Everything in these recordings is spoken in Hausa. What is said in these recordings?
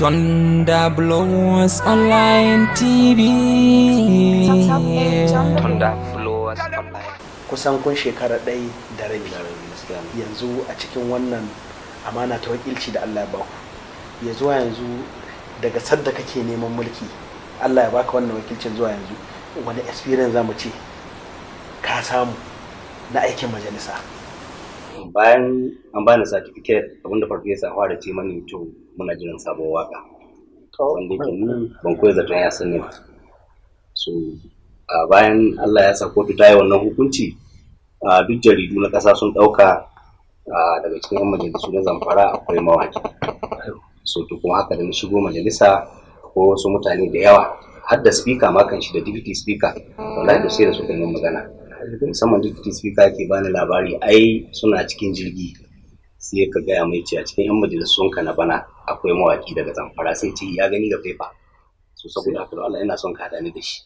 Blows Online TV. Blows Online. Kusan kun shekara ɗaya da rabi. Yanzu a cikin wannan amana ta wakilci da Allah ya baku. Ya zuwa yanzu daga sadda kake neman mulki Allah ya baka wannan wakilcin zuwa yanzu wani experience za mu ce ka samu na aikin majalisa. bayan an bani certificate abinda farfesa ya fara ce mani to muna jiran sabon waka wanda yake ni ban koyi zaton ya sani ba so a bayan Allah ya sa kotu ta yi wannan hukunci a duk jaridu na ƙasa sun ɗauka daga cikin yan majalisu na zamfara akwai mawaki so to kuma haka da na shigo majalisa ko wasu mutane da yawa har da speaker ma kan shi da deputy speaker wallahi da sai da su kan magana musamman deputy speaker ke bani labari ai suna cikin jirgi sai ka gaya mai ce a cikin yan majalisun ka na bana akwai mawaki daga zamfara sai ce ya gani da faifa so saboda haka Allah yana son ka hada ni da shi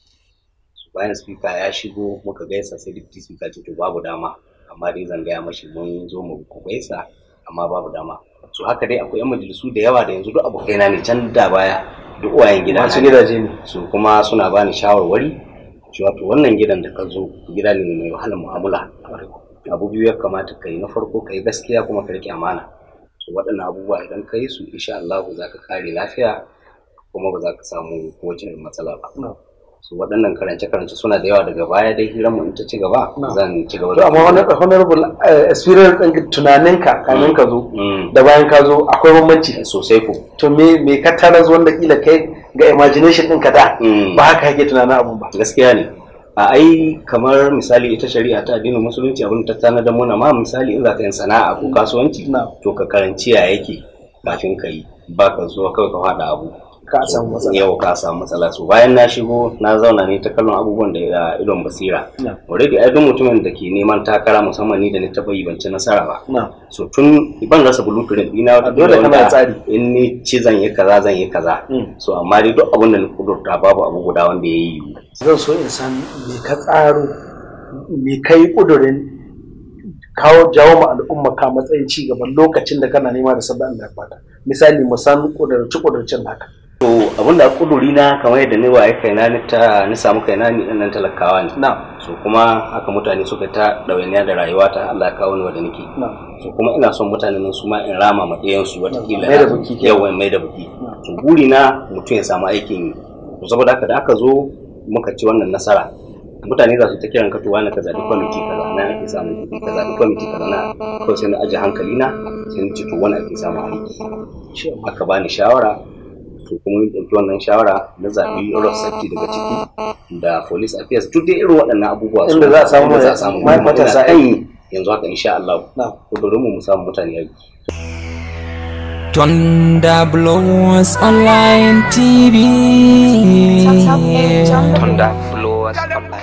bayan speaker ya shigo muka gaisa sai deputy speaker ce to babu dama amma dai zan gaya mashi mun zo mu gaisa amma babu dama su haka dai akwai yan majalisu da yawa da yanzu duk abokaina ne can da baya duk uwayen gida masu gidaje ne su kuma suna bani shawarwari cewa wannan gidan da ka zo gida ne mai wahalar mu'amala abu biyu ya kamata ka yi na farko ka yi gaskiya kuma ka rike amana to waɗannan abubuwa idan ka yi su insha Allah za ka kare lafiya kuma ba za ka samu wajen matsala ba su waɗannan karance-karance suna da yawa daga baya dai hiranmu in ta ci gaba zan ci gaba da amma wani honorable eh, experience ɗin tunaninka kamin ka zo mm. Mm. da bayan ka zo akwai bambanci eh, sosai ko to me me ka zuwan wanda kila kai ga imagination ka da mm. ba haka yake tunanin abun ba gaskiya ne a ai kamar misali ita shari'a ta addinin musulunci abin ta tana da muna ma misali in za ka yin sana'a ko kasuwanci to ka karanci ya yake kafin ka yi ba ka zuwa kawai ka faɗa abu ka samu matsala yau ka samu matsala su bayan na shigo na zauna ne ta kallon abubuwan da ya ah, idon basira already ai duk mutumin da ke neman takara musamman ni da ni taba yi ban nasara ba so tun ban rasa blueprint dina wata dole kana tsari in ni ci zan yi kaza zan yi kaza mm. so amma dai duk abin da na kudurta babu abu guda wanda ya yi zan so in san me ka tsaro me kai kudurin kawo jawo ma al'umma ka matsayin ci gaban lokacin da kana nema da sabbin da misali mu san kudurci kudurcin haka to abin da kuduri na kamar yadda ni waye kai na ta ni samu kaina ni nan talakawa ne na so kuma haka mutane suka ta ɗawainiya da rayuwa ta Allah ya kawo ni wanda nake so kuma ina son mutane nan su ma in rama ma ɗayan su wata kila yawa mai da buki so guri na mutum ya samu aikin yi saboda haka da aka zo muka ci wannan nasara mutane za su ta kiran katuwa na kaza duk kwamiti kaza na ake samu kuɗi kaza duk kwamiti kaza na kawai sai na aje hankali na sai na ci to wani ake samu aiki aka bani shawara to kuma mun ɗauki wannan shawara na zaɓi rock safety daga ciki da police affairs duk dai irin waɗannan abubuwa su za a samu za a samu yanzu haka insha Allah ko bari mu samu mutane yi Thunder Blows Online TV Thunder Blows Online